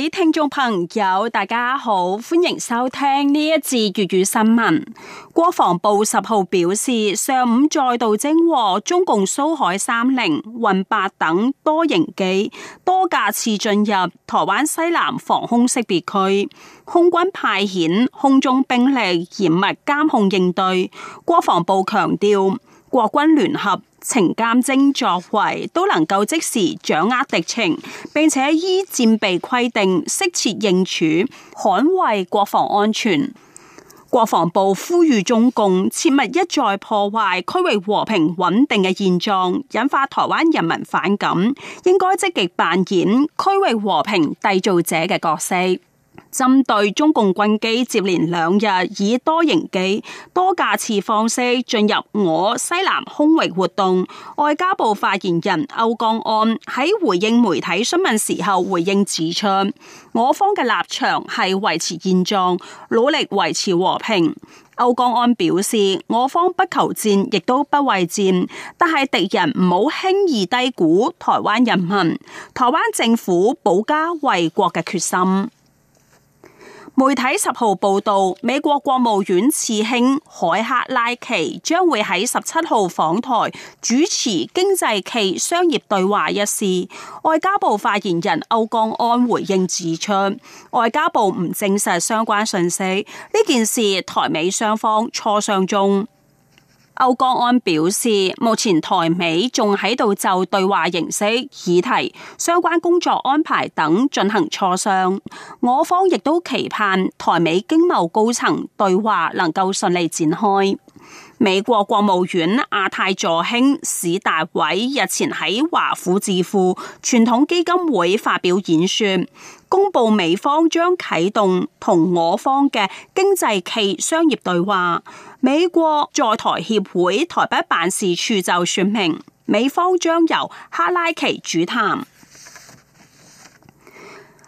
各位聽眾朋友，大家好，歡迎收聽呢一節粵語新聞。國防部十號表示，上午再度偵獲中共蘇海三零運八等多型機多架次進入台灣西南防空識別區，空軍派遣空中兵力嚴密監控應對。國防部強調，國軍聯合。情監偵作為都能夠即時掌握敵情，並且依戰備規定適切應處，捍衛國防安全。國防部呼籲中共切勿一再破壞區域和平穩定嘅現狀，引發台灣人民反感，應該積極扮演區域和平締造者嘅角色。針對中共軍機接連兩日以多型機、多架次方式進入我西南空域活動，外交部發言人歐江安喺回應媒體詢問時候回應指出，我方嘅立場係維持現狀，努力維持和平。歐江安表示，我方不求戰，亦都不畏戰，但係敵人唔好輕易低估台灣人民、台灣政府保家衛國嘅決心。媒體十號報道，美國國務院次卿海克拉奇將會喺十七號訪台主持經濟期商業對話一事。外交部發言人歐江安回應指出，外交部唔證實相關信息，呢件事台美雙方磋商中。歐國安表示，目前台美仲喺度就對話形式、議題、相關工作安排等進行磋商，我方亦都期盼台美經貿高層對話能夠順利展開。美國國務院亞太助卿史達偉日前喺華府智庫傳統基金會發表演說，公布美方將啟動同我方嘅經濟期商業對話。美國在台協會台北辦事處就說明，美方將由哈拉奇主談。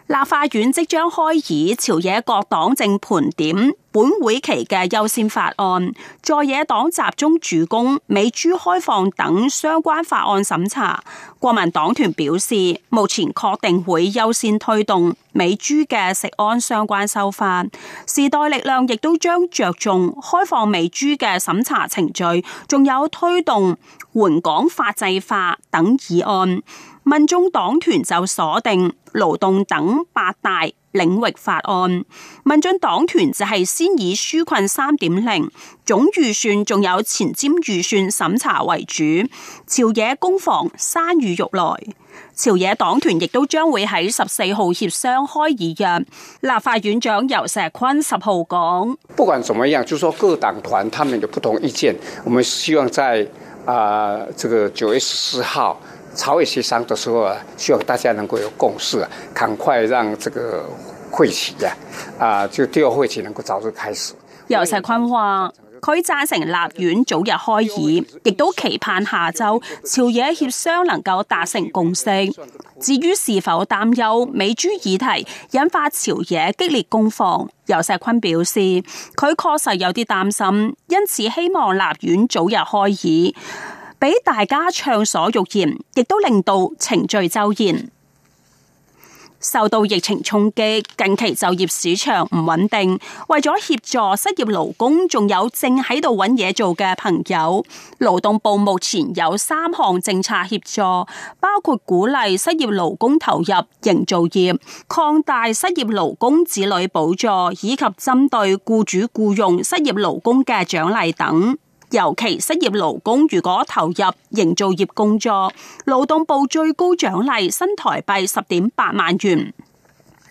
立法院即將開議，朝野各黨正盤點。本會期嘅優先法案，在野黨集中主攻美豬開放等相關法案審查。國民黨團表示，目前確定會優先推動美豬嘅食安相關修法。時代力量亦都將着重開放美豬嘅審查程序，仲有推動援港法制化等議案。民眾黨團就鎖定勞動等八大。領域法案，民進黨團就係先以紓困三點零總預算，仲有前瞻預算審查為主，朝野攻防山雨欲來。朝野黨團亦都將會喺十四號協商開議約。立法院長游錫堃十號講：，不管怎麼樣，就是，說各黨團他們有不同意見，我們希望在啊、呃，這個九月十四號。朝野協商嘅時候啊，希望大家能夠有共識啊，趕快讓這個會期啊，啊就第二會期能夠早日開始。游錫堃話：佢贊成立院早日開議，亦都期盼下周朝野協商能夠達成共識。至於是否擔憂美豬議題引發朝野激烈攻防，游錫堃表示：佢確實有啲擔心，因此希望立院早日開議。俾大家暢所欲言，亦都令到程序周延。受到疫情衝擊，近期就業市場唔穩定，為咗協助失業勞工，仲有正喺度揾嘢做嘅朋友，勞動部目前有三項政策協助，包括鼓勵失業勞工投入營造業、擴大失業勞工子女補助以及針對雇主雇用失業勞工嘅獎勵等。尤其失業勞工如果投入營造業工作，勞動部最高獎勵新台幣十點八萬元。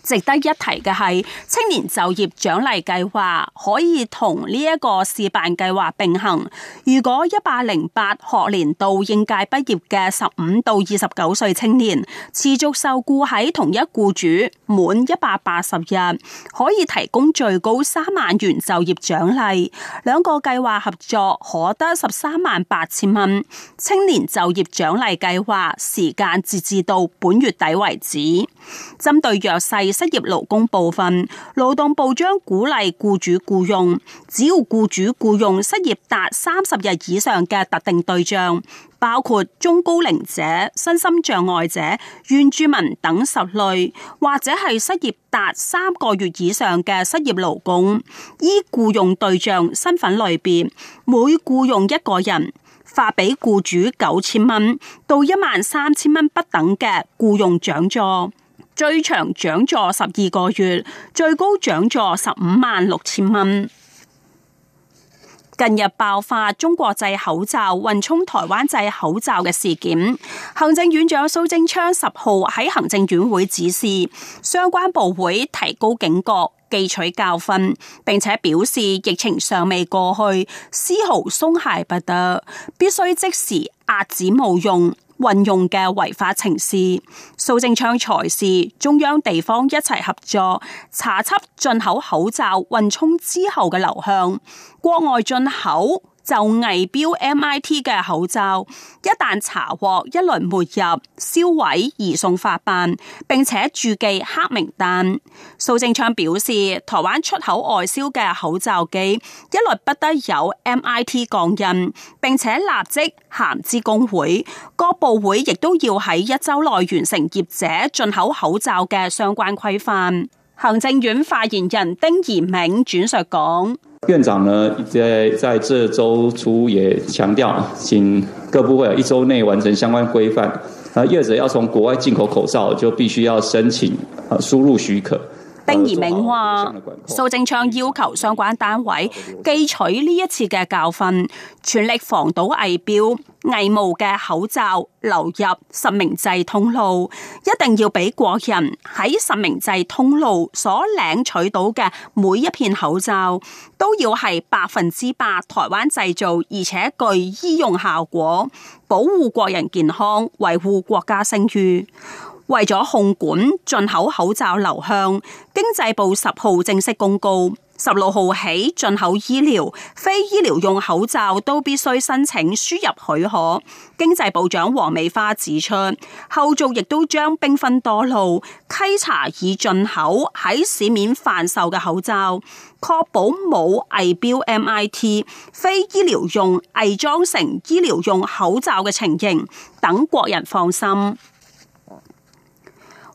值得一提嘅係，青年就業獎勵計劃可以同呢一個示範計劃並行。如果一百零八學年度應屆畢業嘅十五到二十九歲青年持續受僱喺同一僱主滿一百八十日，可以提供最高三萬元就業獎勵。兩個計劃合作可得十三萬八千蚊。青年就業獎勵計劃時間截至到本月底為止，針對弱勢。失業勞工部分，勞動部將鼓勵雇主雇用，只要雇主雇用失業達三十日以上嘅特定對象，包括中高齡者、身心障礙者、原住民等十類，或者係失業達三個月以上嘅失業勞工。依雇用對象身份類別，每雇用一個人，發俾雇主九千蚊到一萬三千蚊不等嘅雇用獎助。最長獎座十二個月，最高獎座十五萬六千蚊。近日爆發中國製口罩混充台灣製口罩嘅事件，行政院長蘇貞昌十號喺行政院會指示相關部會提高警覺，記取教訓，並且表示疫情尚未過去，絲毫鬆懈不得，必須即時遏止冒用。運用嘅違法情事，蘇貞昌財事，中央地方一齊合作查緝進口口罩混充之後嘅流向，國外進口。就偽標 MIT 嘅口罩，一旦查獲，一律沒入、銷毀、移送法辦，並且註記黑名單。蘇貞昌表示，台灣出口外銷嘅口罩機，一律不得有 MIT 鋼印，並且立即函知工會各部會，亦都要喺一周內完成業者進口口罩嘅相關規範。行政院發言人丁怡銘轉述講：院長呢，在在這周初也強調，請各部會啊一周內完成相關規範。啊，業者要從國外進口口罩，就必須要申請啊輸入許可。丁儀明話：蘇貞昌要求相關單位記取呢一次嘅教訓，全力防堵偽標、偽冒嘅口罩流入實名制通路，一定要俾國人喺實名制通路所領取到嘅每一片口罩，都要係百分之百台灣製造，而且具醫用效果，保護國人健康，維護國家聲譽。為咗控管進口口罩流向，經濟部十號正式公告，十六號起進口醫療、非醫療用口罩都必須申請輸入許可。經濟部長王美花指出，後續亦都將兵分多路稽查已進口喺市面販售嘅口罩，確保冇偽標 MIT、非醫療用偽裝成醫療用口罩嘅情形，等國人放心。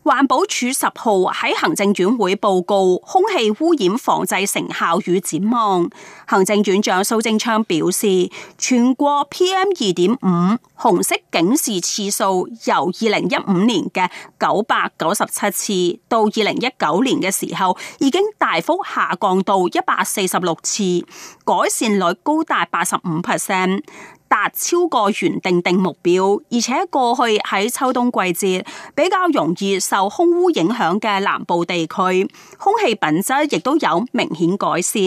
環保署十號喺行政院會報告空氣污染防制成效與展望。行政院長蘇貞昌表示，全國 PM 二點五紅色警示次數由二零一五年嘅九百九十七次，到二零一九年嘅時候，已經大幅下降到一百四十六次，改善率高達八十五 percent。達超過原定定目標，而且過去喺秋冬季節比較容易受空污影響嘅南部地區，空氣品質亦都有明顯改善。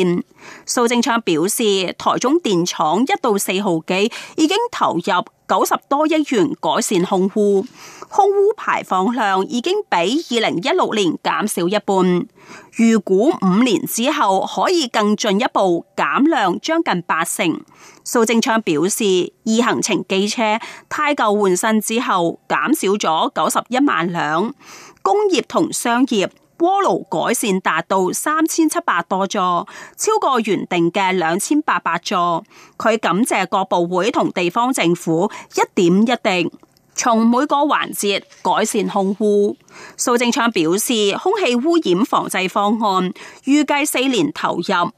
蘇貞昌表示，台中電廠一到四號機已經投入。九十多億元改善空污，空污排放量已經比二零一六年減少一半。預估五年之後可以更進一步減量，將近八成。蘇貞昌表示，二行程機車太舊換新之後，減少咗九十一萬輛，工業同商業。鍋爐改善達到三千七百多座，超過原定嘅兩千八百座。佢感謝各部會同地方政府一點一滴，從每個環節改善控污。蘇貞昌表示，空氣污染防治方案預計四年投入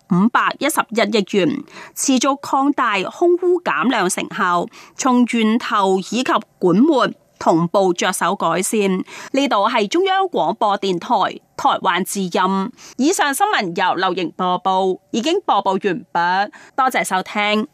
五百一十一億元，持續擴大空污減量成效，從源頭以及管末。同步着手改善。呢度係中央廣播電台台灣之音。以上新聞由劉瑩播報，已經播報完畢。多謝收聽。